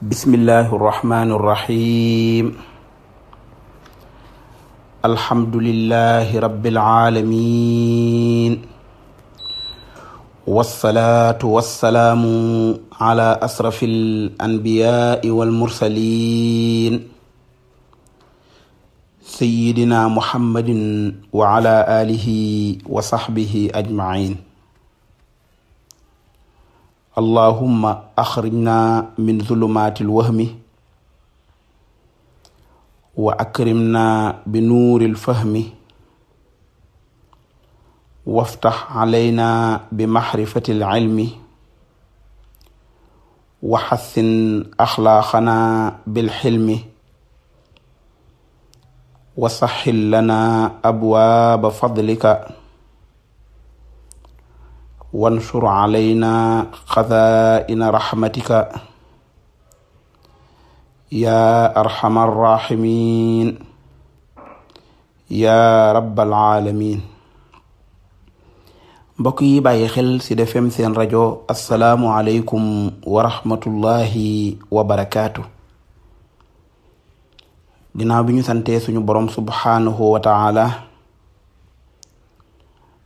bismillahi irrahmani irrahim alhamdulilahi rabiilalamin walsalaatu walsalaamu ala asrafi alanbiyai walmursalin sayidina muhammadin wa ala alihi wa sahbihi ajmain allahumma axrijna min zulumaati lwahmi wa akrimna bi nuuri lfahmi waftax calayna bi maxrifati lcilmi wa xassin axlaaqana bilxilmi wa saxil lana abwaaba fadlika wansur alayna xazaa'ina raxmatika yaa arxama arraximin yaa alamin mbokk yi bàyyi xel ci Sud seen rajo asalaamu aleykum wa rahmatullahi wa barakaatu ginnaaw ñu santee suñu borom subhaanahu wa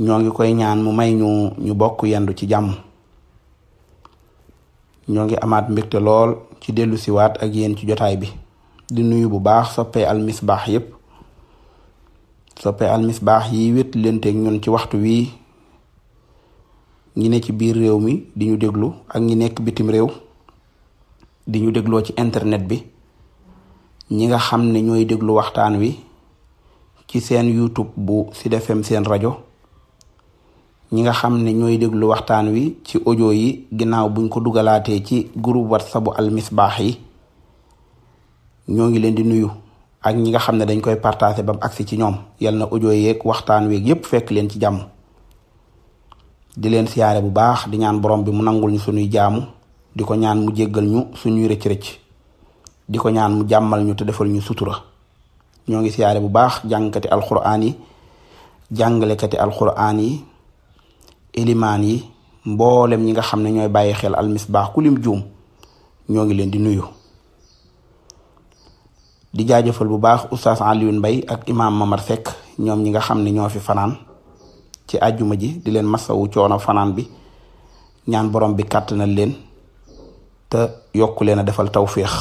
ñoo ngi koy ñaan mu may ñu ñu bokk yendu ci jàmm ñoo ngi amaat mbégte lool ci dellu siwaat ak yéen ci jotaay bi di nuyu bu baax soppe almisbaax yépp soppe almisbaax yi wet lenteeg ñun ci waxtu wii ñi ne ci biir réew mi di ñu déglu ak ñi nekk bitim réew di ñu dégloo ci internet bi ñi nga xam ne ñooy déglu waxtaan wi ci seen youtube bu Sud FM seen rajo ñi nga xam ne ñooy déglu waxtaan wi ci audio yi ginnaaw buñ ko dugalaatee ci groupe whatsapp bu almisbaax yi ñoo ngi leen di nuyu ak ñi nga xam ne dañ koy partagé bam aksi ci ñoom yal na ojo yeeg waxtaan weeg yépp fekk leen ci jàmm di leen siyaare bu baax di ñaan borom bi mu nangul ñu suñuy jaamu di ko ñaan mu jéggal ñu suñuy rëcc-rëcc di ko ñaan mu jàmmal ñu te defal ñu sutura ñoo ngi siyaare bu baax jàngkati alxuraan yi jàngalekati alxuraan yi elimaan yi mboolem ñi nga xam ne ñooy bàyyi xel almisbaax baax lim juum ñoo ngi leen di nuyu di jaajëfal bu baax oustaz Alioune Mbaye ak imaam Mamar Seck ñoom ñi nga xam ne ñoo fi fanaan ci àjjuma ji di leen masawu coono fanaan bi ñaan borom bi kàtt kàttanal leen te yokk leen a defal tawféex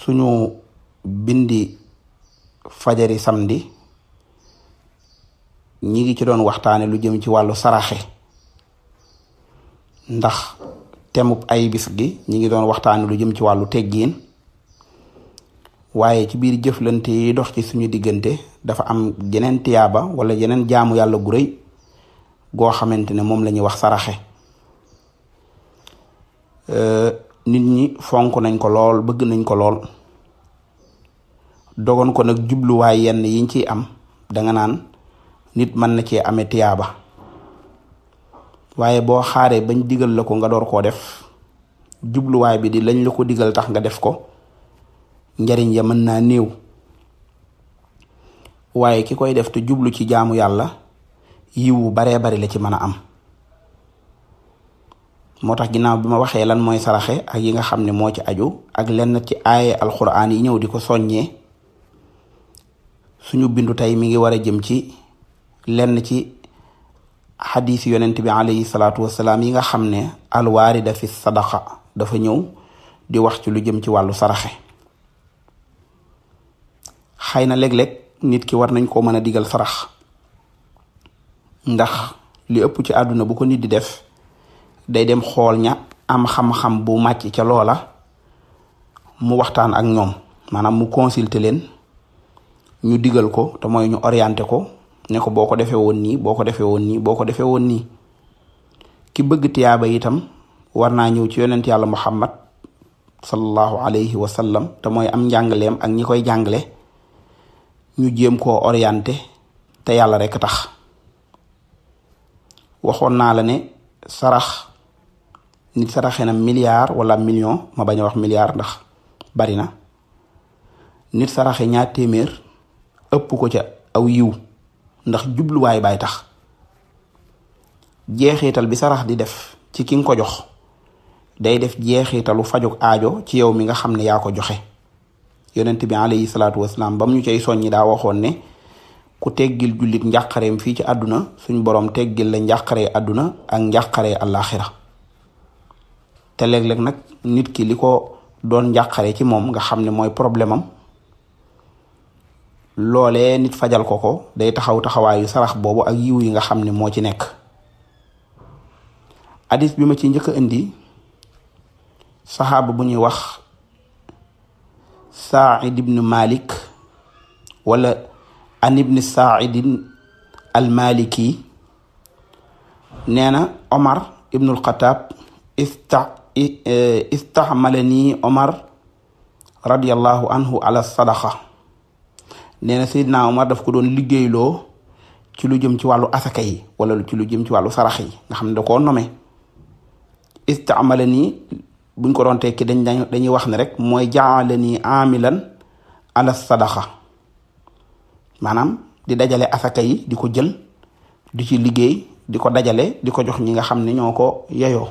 suñu bindi fajari samedi ñi ngi ci doon waxtaane lu jëm ci wàllu saraxe ndax temub ay bis gi ñi ngi doon waxtaane lu jëm ci wàllu teggiin waaye ci biir jëflante yi dox ci suñu diggante dafa am jeneen tiyaaba wala jeneen jaamu yàlla gu rëy goo xamante ne moom lañuy wax saraxe nit ñi fonk nañ ko lool bëgg nañ ko lool dogon ko nag jubluwaay yenn yi yiñ ci am danga naan nit mën na cee ame tiyaaba waaye boo xaaree bañ digal la ko nga door koo def jubluwaay bi di lañ la ko digal tax nga def ko njariñ ya mën naa néew waaye ki koy def te jublu ci jaamu yàlla yiwu baree bari la ci mën a am moo tax ginnaaw bi ma waxee lan mooy saraxe ak yi nga xam ne moo ci aju ak lenn ci aaye alxuraan yi ñëw di ko soññee suñu bindu tey mi ngi war a jëm ci lenn ci xadiis yonent bi alayhi salaatu wasalaam yi nga xam ne alwaarida fi sadaqa dafa ñëw di wax ci lu jëm ci wàllu saraxe xëy na léeg-léeg nit ki war nañ koo mën a digal sarax ndax lu ëpp ci àdduna bu ko nit di def day dem xool ña am xam-xam bu màcc ca loola mu waxtaan ak ñoom maanaam mu consulter leen ñu digal ko te mooy ñu orienté ko ne ko boo ko defee woon nii boo ko defee woon nii boo ko defee woon nii ki bëgg tiyaaba itam war naa ñëw ci ti yàlla muhammad sallallahu alayhi wa sallam te mooy am njàngaleem ak ñi koy jàngale ñu jéem koo oriente te yàlla rekk tax waxoon naa la ne sarax nit saraxe na milliard wala million ma bañ a wax milliard ndax bari na nit saraxe ñaar téeméer ëpp ko ca aw yiw ndax jubluwaay baay tax jeexital bi sarax di def ci ki nga ko jox day def jeexitalu fajug aajo ci yow mi nga xam ne yaa ko joxe yonent bi alayhi salaatu wasalaam bam ñu cay soññi daa waxoon ne ku teggil jullit njàqareem fii ci àdduna suñ borom teggil la njàqaree àdduna ak njàqaree àllaaxira te léeg-léeg nag nit ki li ko doon njàqare ci moom nga xam ne mooy problème am loole nit fajal ko ko day taxaw taxawaayu sarax boobu ak yiw yi nga xam ne moo ci nekk hadis bi ma ci njëkk indi saxaaba bu ñuy wax Saïd ibn Malik wala an ibn Saïdin al Maliki nee na Omar ibnul Xataab ista e-, istahmalani Omar radiyallahu anhu ala sadaqa nee na Seydina Omar daf ko doon liggéeyloo ci lu jëm ci wàllu asaka yi wala ci lu jëm ci wàllu sarax yi nga xam ne da koo nome istaamala nii buñ ko doon tekki dañ dañuy wax ne rek mooy jaale nii amilan ala sadaxa maanaam di dajale asaka di ko jël di ci liggéey di ko dajale di ko jox ñi nga xam ne ñoo ko yeyoo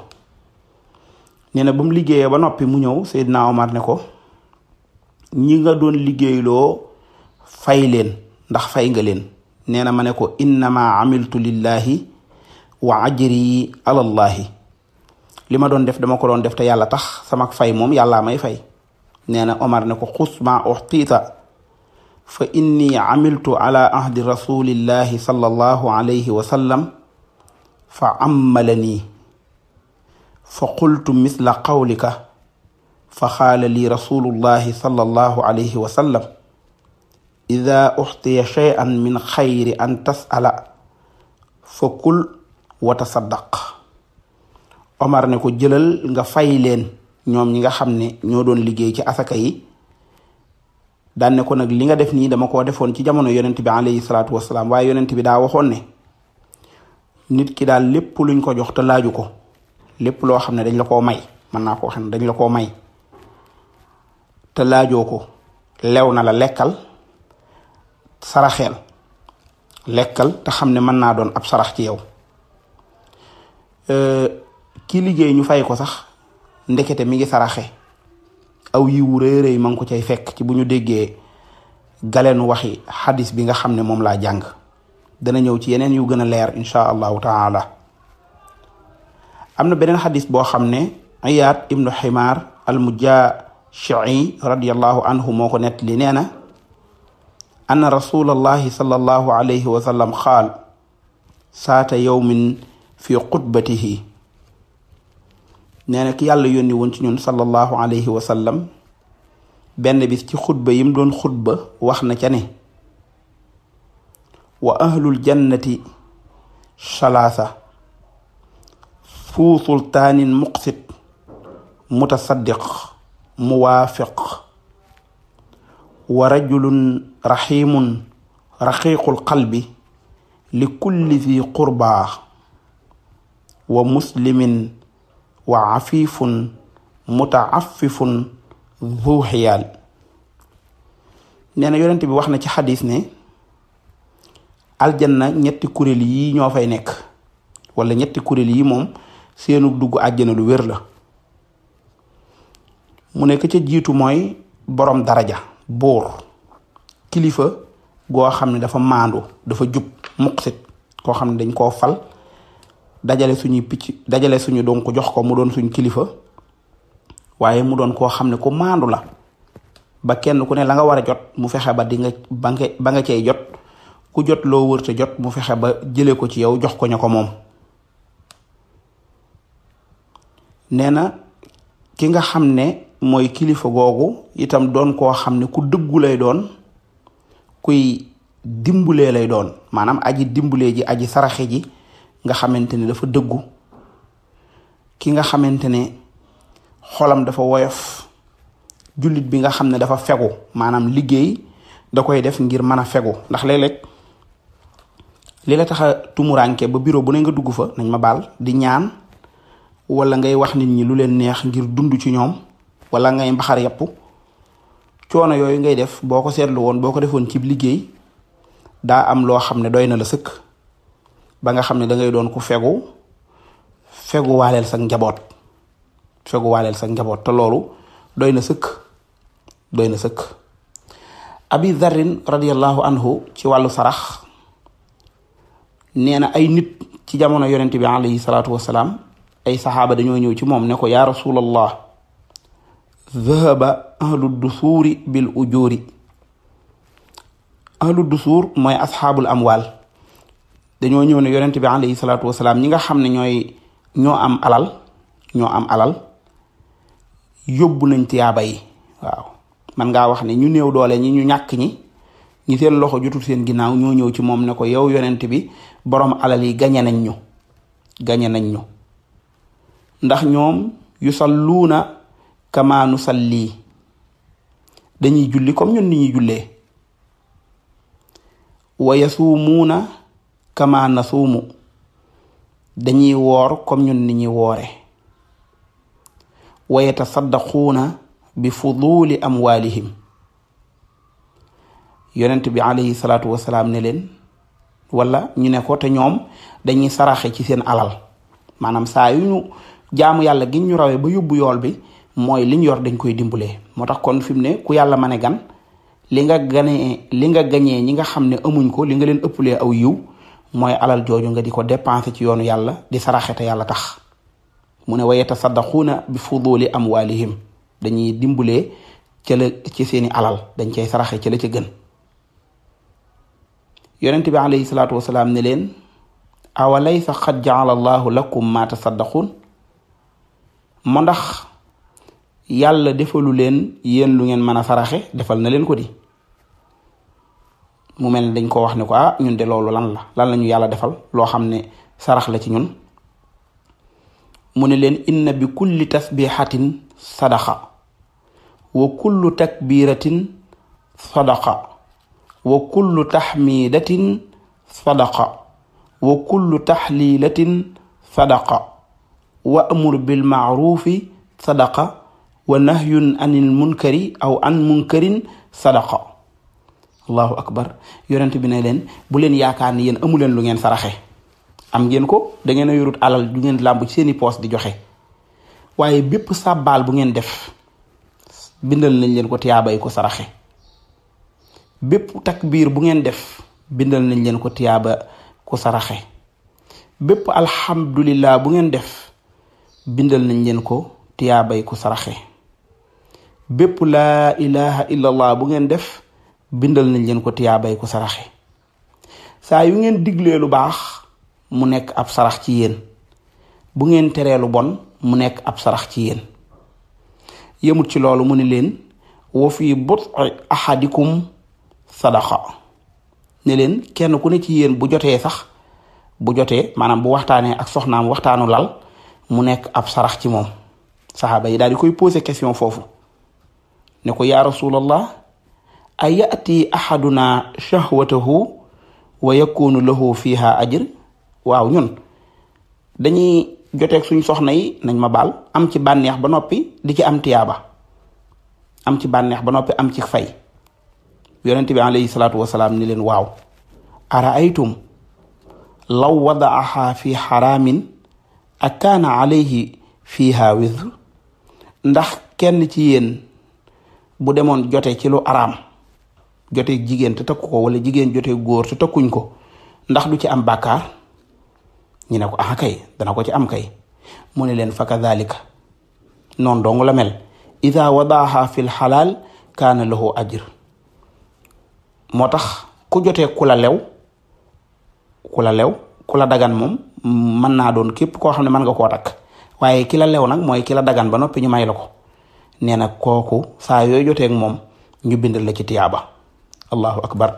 nee na ba liggéeyee ba noppi mu ñëw Seydina Omar ne ko ñi nga doon liggéeyloo fay leen ndax fay nga leen nee na ma ne ko innama amiltu lillahi wa ajri alallahi li ma doon def dama ko doon def te yàlla tax sama fay moom yàllaa may fay nee na Omar ne ko xus ma uxtiita fa inni amiltu ala ahdi rasulillahi sallallahu alayhi wa sallam fa ammalani fa qultu misla qawlika fa xaala li rasulullahi sallallahu alayhi wa ida uxtiya cheyan min xayri an tasala fa kul wa tasaddaq omar ne ko jëlal nga fay leen ñoom ñi nga xam ne ñoo doon liggéey ci asaka yi daan ne ko nag li nga def nii dama koo defoon ci jamono yonent bi alayhi salaatu wasalaam waaye yonent bi daa waxoon ne nit ki daal lépp luñ ko jox te laaju ko lépp loo xam ne dañ la koo may mën naa koo xam ne dañ la koo may te laajoo ko lew na la lekkal saraxeel lekkal te xam ne mën naa doon ab sarax ci yow ki liggéey ñu fay ko sax ndekete mi ngi saraxe aw yiwu rëy ngi ko cay fekk ci bu ñu déggee galeenu waxi xadis bi nga xam ne moom laa jàng dana ñëw ci yeneen yu gën a leer insha allahu taala am na beneen xadis boo xam ne Iyaad ibnu Ximaar al mujaa shii radiallahu anhu moo ko nett li nee na anna rasulallahi sallallahu alayhi wa sallam qaal saata yawmin fi xutbatihi nee ki yàlla yónni woon ci ñun sallallahu alayhi benn bis ci xutba yim doon xutba wax na ca ne wa ahlul jannati salaasa fuu sultaanin muqsit mutasaddiq muwaafiq wa rajulun raxiimun raxiiqul qalbi li kulli fi qurbaa wa muslimin wa afifun mutaafifun du xiyaal nee na bi wax na ci xadis ne aljanna ñetti kuréel yi ñoo fay nekk wala ñetti kuréel yi moom seenu dugg àjjana lu wér la mu nekk ca jiitu mooy boroom daraja buur kilifa goo xam ne dafa maandu dafa jub muqsit koo xam ne dañ koo fal dajale suñuy picc dajale suñu donc jox ko mu doon suñu kilifa waaye mu doon koo xam ne ku maandu la ba kenn ku ne la nga war a jot mu fexe ba di nga ba nga ba cey jot ku jot loo wër te jot mu fexe ba jëlee ko ci yow jox ko ña ko moom nee na ki nga xam ne mooy kilifa googu itam doon koo xam ne ku dëggu lay doon kuy dimbulee lay doon maanaam aji dimbulee ji aji saraxe ji nga xamante ne dafa dëggu ki nga xamante ne xolam dafa woyof jullit bi nga xam ne dafa fegu maanaam liggéey da koy def ngir mën a fegu ndax léeg lekk li la tax tumuraanke ba bureau bu ne nga dugg fa nañ ma baal di ñaan wala ngay wax nit ñi lu leen neex ngir dund ci ñoom wala ngay mbaxar yàpp coono yooyu ngay def boo ko seetlu woon boo ko defoon cib liggéey daa am loo xam ne doy na la sëkk ba nga xam ne dangay doon ku fegu fegu waaleel sa njaboot fegu sa njaboot loolu doy na sëkk doy na sëkk abi dharrin radiallahu anhu ci wàllu sarax nee na ay nit ci jamono yonent bi alayhi salaatu wasalaam ay saxaaba dañoo ñëw ci moom ne ko yaa rasulallah dhahaba ahlu dusuuri bil ujuuri ahlu suur mooy asxaabul amwaal dañoo ñëw ne yonent bi alayhi salaatu wasalaam ñi nga xam ne ñooy ñoo am alal ñoo am alal yóbbu nañ tiyaaba yi waaw man ngaa wax ne ñu néew doole ñi ñu ñàkk ñi ñi seen loxo jotul seen ginnaaw ñoo ñëw ci moom ne ko yow yonent bi boroom alal yi gañe nañ ñu gañe nañ ñu ndax ñoom yusalluuna kama nusalli dañuy julli comme ñun ni ñuy jullee wa yasuumuuna kama nasuumu dañuy woor comme ñun ni ñuy woore wa yatasaddaquuna bi fuduuli amwaalihim yonent bi alayhi salaatu wasalaam ne leen wala ñu ne ñoom dañuy saraxe ci seen alal maanaam saa jaamu yàlla gi ñu rawe ba yóbbu yool bi mooy liñ yor dañ koy dimbalee moo tax kon fi mu ne ku yàlla ma ne gan li nga ganee li nga gañee ñi nga xam ne amuñ ko li nga leen ëppalee aw yiw mooy alal jooju nga di ko dépensé ci yoonu yàlla di saraxe te yàlla tax mu ne wa yatasaddaquuna bi fuduli amwalihim dañuy dimbalee ca la ci seeni alal dañ cay saraxe ca la ca gën yonent bi alayhi salaatu wasalaam ne leen awalaysa qad jaala allahu lakum ma tasaddaqun ndax yàlla defalu leen yéen lu ngeen mën a saraxe defal na leen ko di mu mel ne dañ ko wax ne ko ah ñun de loolu lan la lan la ñu yàlla defal loo xam ne sarax la ci ñun mu ne leen inna bi kulli tasbixatin sadaqa wa kullu takbiratin sadaqa wa kullu taxmidatin sadaqa wa kullu taxlilatin sadaqa wa amur bilmaarufi sadaqa wa nahyun anil munkari aw an munkarin sadaqa allahu akbar yonent bi ne leen bu leen yaakaar ni yéen amu leen lu ngeen saraxe am ngeen ko dangeen a yorut alal bu ngeen làmb ci seeni poos di joxe waaye bépp sàbbaal bu ngeen def bindal nañ leen ko tiyaabay ko saraxe bépp takbiir bu ngeen def bindal nañ leen ko tiyaaba ko saraxe bépp alhamdulillah bu ngeen def bindal nañ leen ko tiyaabay ko saraxe bépp laa ilaha illallah bu ngeen def bindal nañ leen ko tiyaabay ko saraxe saa yu ngeen diglee lu baax mu nekk ab sarax ci yéen bu ngeen teree bon mu nekk ab sarax ci yéen yëmut ci loolu mu ni leen wa fi buti ahadikum sadaqa ne leen kenn ku ne ci yéen bu jotee sax bu jotee maanaam bu waxtaanee ak soxnaam waxtaanu lal mu nekk ab sarax ci moom saxaaba yi daal koy posé question foofu ne ko yaa rasulallah a yati ahaduna shahwatahu wa yakunu lahu fiha ajr waaw ñun dañuy joteeg suñ soxna yi nañ ma baal am ci bànneex ba noppi di ci am tiyaaba am ci bànneex ba noppi am ci fay yonent bi alayhi salaatu wasalaam ni leen waaw araaytum law wadaaha fi xaraamin akaana alayhi fiha wizr ndax kenn ci yéen bu demoon jotee ci lu araam joteeg jigéen te takku ko wala jigéen joteeg góor te takkuñ ko ndax du ci am bàkkaar ñu ne ko ah kay dana ko ci am kay mu ne leen fa kadhalika noonu dong la mel ida wadaaha fi l xalaal kaana lahu ajr moo tax ku jotee ku la lew kula la lew dagan moom mën naa doon képp koo xam ne mën nga koo takk waaye kila lew nag mooy ki dagan ba noppi ñu may la ko nee na kooku saa yooy joteeg moom ñu bindal la ci tiyaaba allahu akbar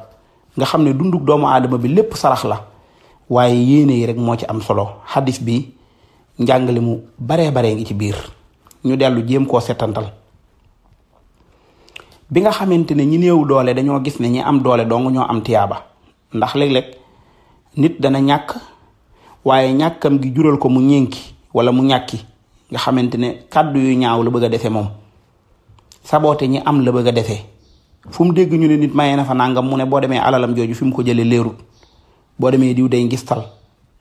nga xam ne dundug doomu aadama bi lépp sarax la waaye yéene yi rek moo ci am solo xadis bi njàngale mu baree baree ngi ci biir ñu dellu jéem koo setantal bi nga xamante ne ñi néew doole dañoo gis ne ñi am doole dong ñoo am tiyaaba ndax léeg-léeg nit dana ñàkk waaye ñàkkam gi jural ko mu ñénki wala mu ñàkki nga xamante ne kàddu yu ñaaw la bëgg a defee moom saboote ñi am la bëgg a defee fu mu dégg ñu ne nit mayee na fa nangam mu ne boo demee alalam jooju fi ko jëlee leerut boo demee diw day ngistal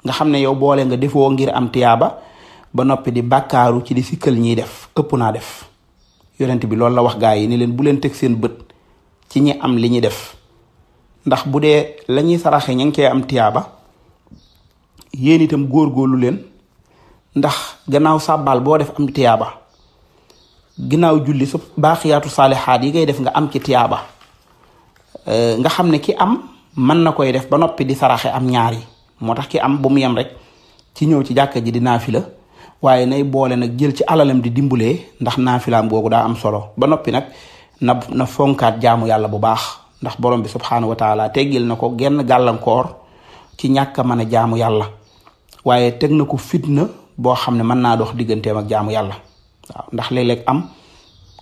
nga xam ne yow boole nga defoo ngir am tiyaaba ba noppi di bakkaaru ci di sikkal ñiy def ëpp naa def yonent bi loolu la wax gaa yi ni leen bu leen teg seen bët ci ñi am li ñuy def ndax bu dee la ñuy saraxe ña ngi koy am tiyaaba yéen itam góorgóorlu leen ndax gannaaw sàbbaal boo def am tiyaaba ginnaaw julli su baaxiyaatu saalihaat yi ngay def nga am ci tiyaaba euh, nga xam ne ki am mën na koy def ba noppi di saraxe am ñaari moo tax ki am bu mu yem rek ci ñëw ci jàkka ji di naafila waaye nay boole nag jël ci alalam di dimbulee ndax naafilaam googu daa am solo ba noppi nag na na fonkaat jaamu yàlla bu baax ndax borom bi subxanahu wa te teggil na ko genn gàllankoor ci ñàkk a mën a jaamu yàlla waaye teg na ko fitna boo xam ne mën naa dox digganteem ak jaamu yàlla. waaw ndax léeg am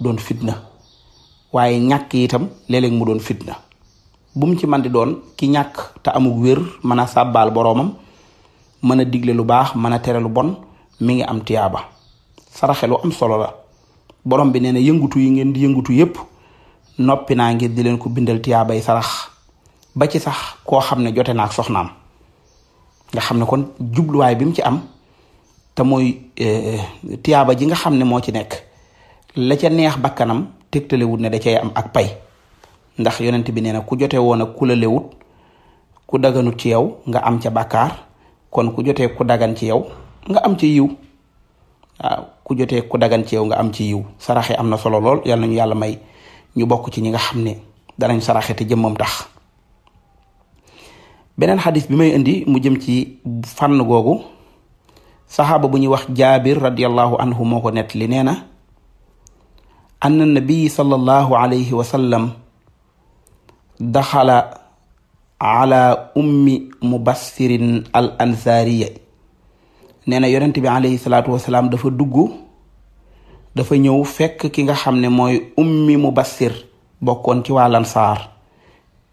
doon fitna waaye ñàkk itam léeg mu doon fitna bu mu ci man di doon ki ñàkk te amug wér mën a sàbbaal boroomam mën a digle lu baax mën a tere bon mi ngi am tiyaaba saraxe lu am solo la borom bi nee na yëngutu yi ngeen di yëngutu yépp noppi naa ngir di leen ko bindal tiyaabay sarax ba ci sax koo xam ne jote naak soxnaam nga xam ne kon jubluwaay bi mu ci am te muy e, e, tiyaaba ji nga xam ne moo ci nekk la ca neex bakkanam tegtalewut na da cay am ak pay ndax yonent bi nee na ku jote woon ak ku la lewut ku daganu ci yow nga am ca bàkkaar kon ku jotee ku dagan ci yow nga am ci yiw ku jote ku dagan ci yow nga am ci yiw saraxe am na solo lool yal nañu yàlla may ñu bokk ci ñi nga xam ne danañ saraxe te jëmmam tax beneen xadis bi may indi mu jëm ci fànn googu saxaaba bu ñuy wax jaabir radiallahu anhu moo ko nett li nee na anna nabii sallallahu alayhi wa sallam daxala ala ummi mubassirin al ansaariya nee na yonent bi alayhi salaatu wasalaam dafa dugg dafa ñëw fekk ki nga xam ne mooy ummi mubassir bokkoon ci waa saar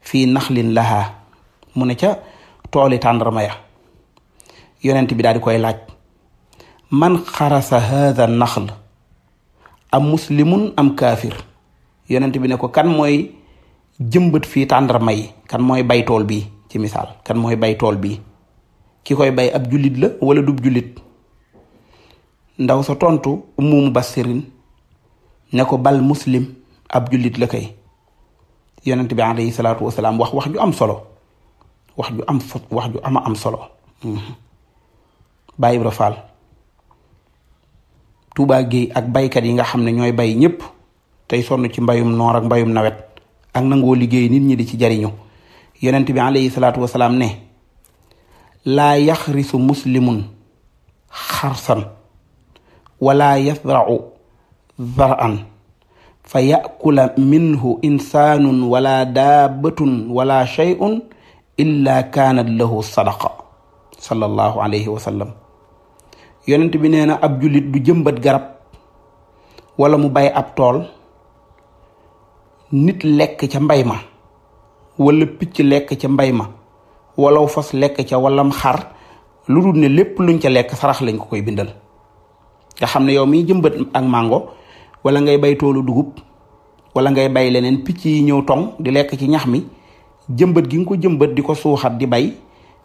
fii naxlin lahaa mu ne ca tooli tàndarma yonent bi daal di koy laaj man xarasa haada naxl am muslimun am kaafir yonent bi ne ko kan mooy jëmbat fii tàndarma yi kan mooy bay tool bi ci misaal kan mooy bay tool bii ki koy bay ab jullit la wala dub jullit ndaw sa tontu umumu basirin ne ko bal muslim ab jullit la kay yonent bi alayhi salaatu wasalaam wax wax ju am solo wax ju am wax ju am solo mhm. Baay Ibra Faal Touba Gueye ak baykat yi nga xam ne ñooy bay ñëpp tey sonn ci mbayum noor ak mbayum nawet ak nangoo liggéey nit ñi di ci jariñu yonent bi alayhi salaatu wasalaam ne la yaxrisu muslimun xarsan wala yasra'u zar'an fa yakula minhu insaanun wala daabatun wala shay'un illa kaanat lahu sadaqa sallallahu alayhi wa yonent bi nee na ab jullit du jëmbat garab wala mu bay ab tool nit lekk ca mbay ma wala picc lekk ca mbay ma walaw fas lekk ca walam xar lu dul ne lépp luñ ca lekk sarax lañ ko koy bindal nga xam ne yow miy jëmbat ak màngo wala ngay bay toolu dugub wala ngay bay leneen picc yi ñëw tong di lekk ci ñax mi jëmbët gi nga ko jëmbat di ko suuxat di bay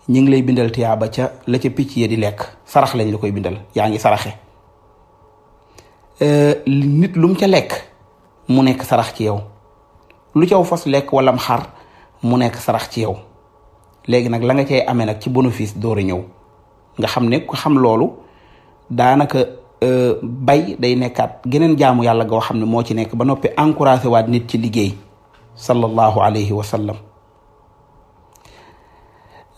ñi ngi lay bindal tiyaaba ca la ca picc ya di lekk sarax lañ la koy bindal yaa ngi saraxe euh, nit lum ca lekk mu nekk sarax ci yow lu ca caw fas lekk walam xar mu nekk sarax ci yow léegi nag la nga cay amee nag ci bénéfice door a ñëw nga xam ne ku xam loolu daanaka euh, bay day nekkaat geneen jaamu yàlla goo xam ne moo ci nekk ba noppi encouragé waat nit ci liggéey sallallahu alayhi wa sallam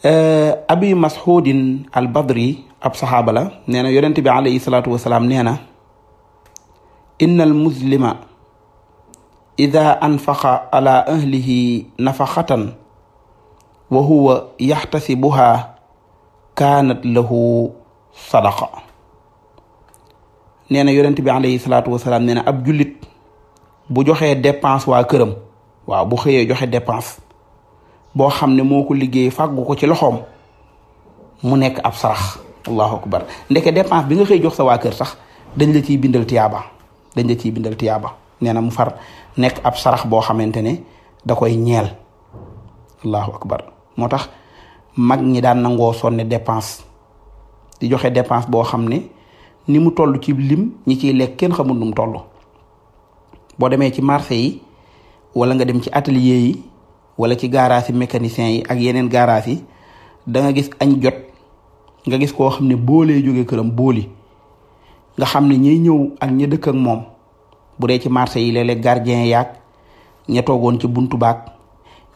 Eh, abi masxuudin al ab saxaaba la nee na bi alayhi salaatu wasalaam nee na innal ida anfaqa ala ahlihi nafaxatan wa huwa yaxtasibuha kaanat lahu sadaqa nee na bi alayhi salaatu wasalaam nee na ab jullit bu joxe dépense waa këram waaw bu xëyee joxe dépense boo xam ne moo ko liggéey fàggu ko ci loxoom mu nekk ab sarax allahu akbar ndeke dépense bi nga xëy jox sa waa kër sax dañ la ciy bindal tiyaaba dañ la ciy bindal tiyaaba nee na mu far nekk ab sarax boo xamante ne da koy ñeel allahu akbar moo tax mag ñi daan nangoo ne dépense di joxe dépense boo xam ne ni mu toll ci lim ñi ciy lekk kenn xamul nu mu toll boo demee ci marché yi wala nga dem ci atelier yi wala ci garage yi yi ak yeneen garage yi da gis añ jot nga gis koo xam ne boole jóge këram booli nga xam ne ñiy ñëw ak ña dëkk ak moom bu dee ci marché yi léeg-léeg gardien yaag ña toogoon ci buntu baak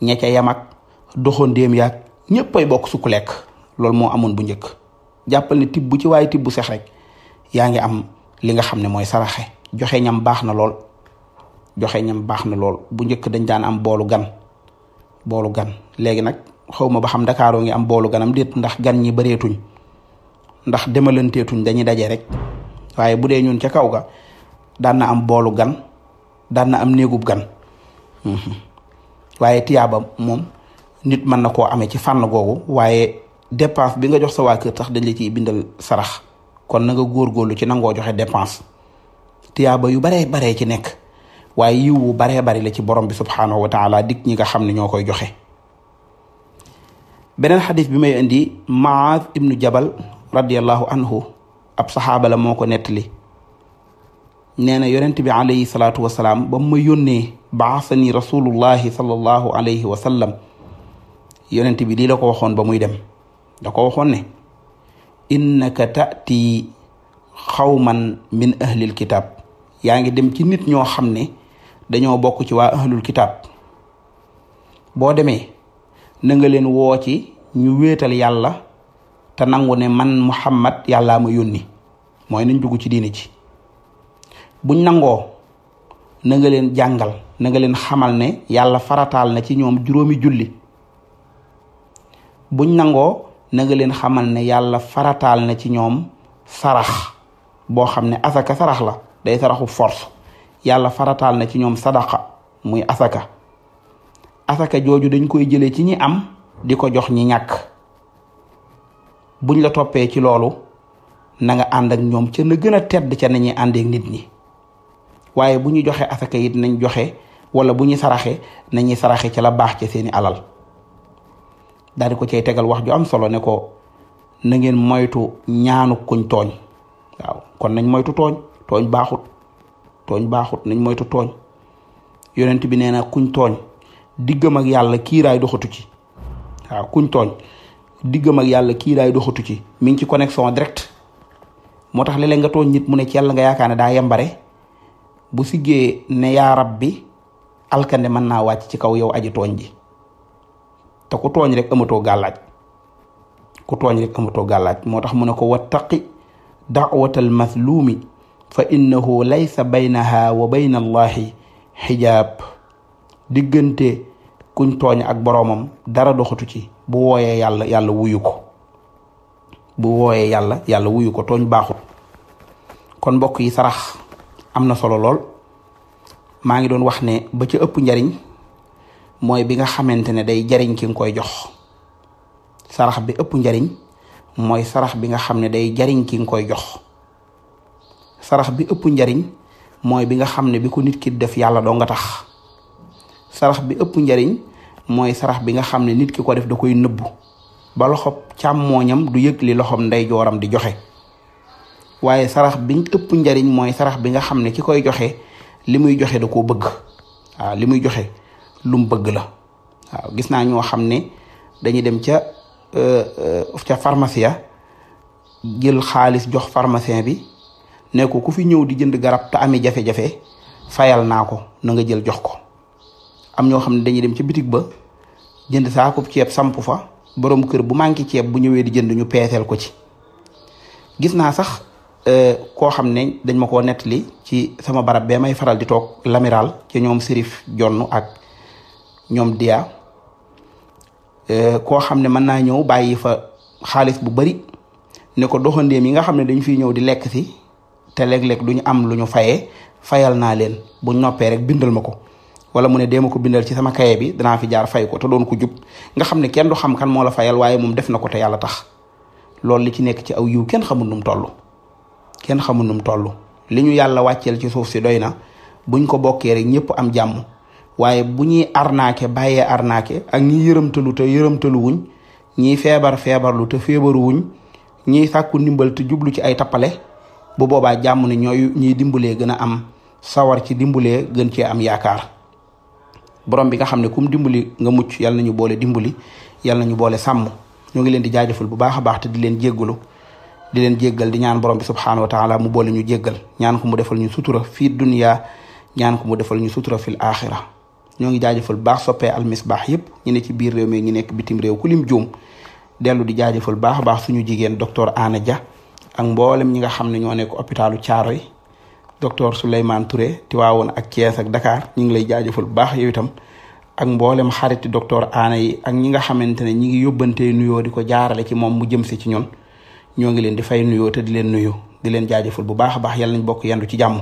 ña ca yam ak doxandéem yaag ñëpp ay bokk sukk lekk loolu moo amoon bu njëkk jàppal ne tibb ci waaye tibb sex rek yaa ngi am li nga xam ne mooy saraxe joxe ñam baax na lool joxe ñam baax na lool bu njëkk dañ daan am boolu gan boolu gan léegi nag xaw ma ba xam Ndakaaroo ngi am boolu ganam déet ndax gan ñi bareetuñ ndax demalanteetuñ dañuy daje rek waaye bu dee ñun ca kaw ga daan na am boolu gan daan na am néegub gan mhm. waaye tiyaaba moom nit mën na koo amee ci fànn googu waaye dépense bi nga jox sa waa kër tax dañ la ciy bindal sarax kon naga nga góorgóorlu ci nangoo joxe dépense tiyaaba yu baree baree ci nekk waaye yiw wu baree bari la ci borom bi subhaanahu wa taala dikk ñi nga xam ne ñoo koy joxe beneen xadis bi may indi maaz ibnu jabal radiallahu anhu ab saxaaba la moo ko nettali nee na yonent bi alayhi salaatu wasalaam ba ma yónnee baasani rasulullahi sallallahu alayhi wa sallam yonent bi lii ko waxoon ba muy dem da ko waxoon ne innaka taati xawman min ahlil kitab yaa ngi dem ci nit ñoo xam ne dañoo bokk ci waa ahlul kitaab boo demee na leen woo ci ñu wéetal yàlla te nangu ne man muhammad yàlla ma yónni mooy nañ dugg ci diini ci buñ nangoo na leen jàngal na leen xamal ne yàlla farataal na ci ñoom juróomi julli buñ nangoo na leen xamal ne yàlla farataal na ci ñoom sarax boo xam ne asaka sarax la day saraxu force yàlla farataal na ci ñoom sadaqa muy asaka asaka jooju dañ koy jëlee ci ñi am di ko jox ñi ñàkk buñ la toppee ci loolu na nga ñoom ca na gën a tedd ca nañuy àndeek nit ñi waaye bu ñu joxee asaka it nañ joxe wala bu ñu saraxe nañuy saraxe ca la baax ca seeni alal daal di ko cay tegal wax ju am solo ne ko na ngeen moytu ñaanu kuñ tooñ waaw kon nañ moytu tooñ tooñ baaxut tooñ baaxut nañ moytu tooñ yonent bi nee na kuñ tooñ diggam ak yàlla kiiraay doxatu ci waaw kuñ tooñ diggam ak yàlla kiiraay doxatu ci mi ngi ci connexion direct moo tax léeg nga tooñ nit mu ne ci yàlla nga yaakaar ne daa yembare bu siggee ne yaa rab bi alkande mën naa wàcc ci kaw yow aji tooñ ji te ku tooñ rek amatoo gàllaaj ku tooñ gàllaaj moo tax mu ne ko wattaqi da'watal mazlumi fa innahu laysa baynaha wa bayna allahi xijaab diggante kuñ tooñ ak boroomam dara doxatu ci bu wooyee yàlla yàlla wuyu ko bu wooyee yàlla yàlla wuyu ko tooñ baaxut kon mbokk yi sarax am na solo lool maa ngi doon wax ne ba ca ëpp njariñ mooy bi nga xamante ne day jariñ ki nga koy jox sarax bi ëpp njariñ mooy sarax bi nga xam ne day jariñ ki nga koy jox sarax bi ëpp njariñ mooy bi nga xam ne bi ko nit ki def yàlla doo nga tax sarax bi ëpp njariñ mooy sarax bi nga xam ne nit ki ko def da koy nëbbu ba loxob du yëg li loxob ndeyjooram di joxe waaye sarax bi ëpp njariñ mooy sarax bi nga xam ne ki koy joxe li muy joxe da koo bëgg li muy joxe lum bëgg la gis naa ñoo xam ne dañuy dem ca euh, euh, ca pharmacie jël xaalis jox pharmacien bi ne ku fi ñëw di jënd garab te ami jafe-jafe fayal naa ko na nga jël jox ko am ñoo xam ne dañuy dem ci bitig ba jënd saakub ceeb samp fa borom kër bu manqué ceeb bu ñëwee di jënd ñu ko ci gis naa sax euh, koo xam ne dañ ma ko nettali ci sama barab bee may faral di toog lamiral ci ñoom sérif jonn ak ñoom dia euh, koo xam ne mën naa ñëw bàyyi fa xaalis bu bari nekko ko doxandéem yi nga xam ne dañ fi ñëw di lekk si te léeg-léeg du ñu am lu ñu fayee fayal naa leen bu noppee rek bindal ma ko wala mu ne dee ma ko bindal ci sama kaye bi danaa fi jaar fay ko te doon ko jub nga xam ne kenn du xam kan moo la fayal waaye moom def na ko te yàlla tax loolu li ci nekk ci aw yiw kenn xamul num toll kenn xamul num toll li ñu yàlla wàcceel ci suuf si doy na buñ ko bokkee rek ñëpp am jàmm waaye bu ñuy arnaake bàyyee arnaake ak ñi yërëmtalu te yërëmtalu wuñ ñiy feebar feebarlu te feebaru wuñ sàkku ndimbal te jublu ci ay tappale bu boobaa jàmm ne ñooy ñuy dimbalee gën a am sawar ci dimbalee gën cee am yaakaar borom bi nga xam ne kum dimbali nga mucc na ñu boole dimbali na ñu boole sàmm ñoo ngi leen di jaajëfal bu baax a baax te di leen jéggalu di leen jéggal di ñaan borom bi subhaanahu wa taala mu boole ñu jéggal ñaan ko mu defal ñu sutura fii dunya ñaan ko mu defal ñu sutura fil axira ñoo ngi jaajëfal bu baax soppee almisbaax yëpp ñu ne ci biir réew mi ñu nekk bitim réew ku lim juum dellu di jaajëfal baax a baax suñu jigéen docteur Ana Dia ak mboolem ñi nga xam ne ñoo nekk hôpitalu Caaroy docteur Souleymane Touré Tiwaawoon ak Thiès ak Dakar ñu ngi lay jaajëfal bu baax yow itam ak mboolem xariti docteur Aana yi ak ñi nga xamante ne ñi ngi yóbbantee nuyoo di ko jaarale ci moom mu jëm si ci ñoon ñoo ngi leen di fay nuyoo te di leen nuyu di leen jaajëfal bu baax a baax yàlla nañ bokk yandu ci jàmm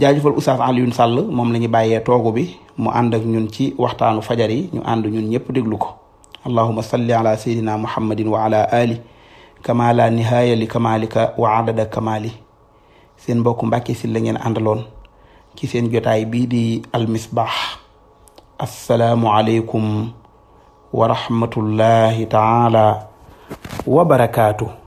jaajëfal Oustaz Alioune Sall moom la ñu bàyyee toogu bi mu ànd ak ñun ci waxtaanu fajar yi ñu ànd ñun ñëpp déglu ko allahuma salli ala sayyidina muhammadin wa ala ali kama la nihaaya li wa adada kamali seen mbokku Mbàkke Sylla ngeen àndaloon ci seen jotaay bii di almisbaax assalaamu aleykum wa rahmatullahi taala wa barakaatu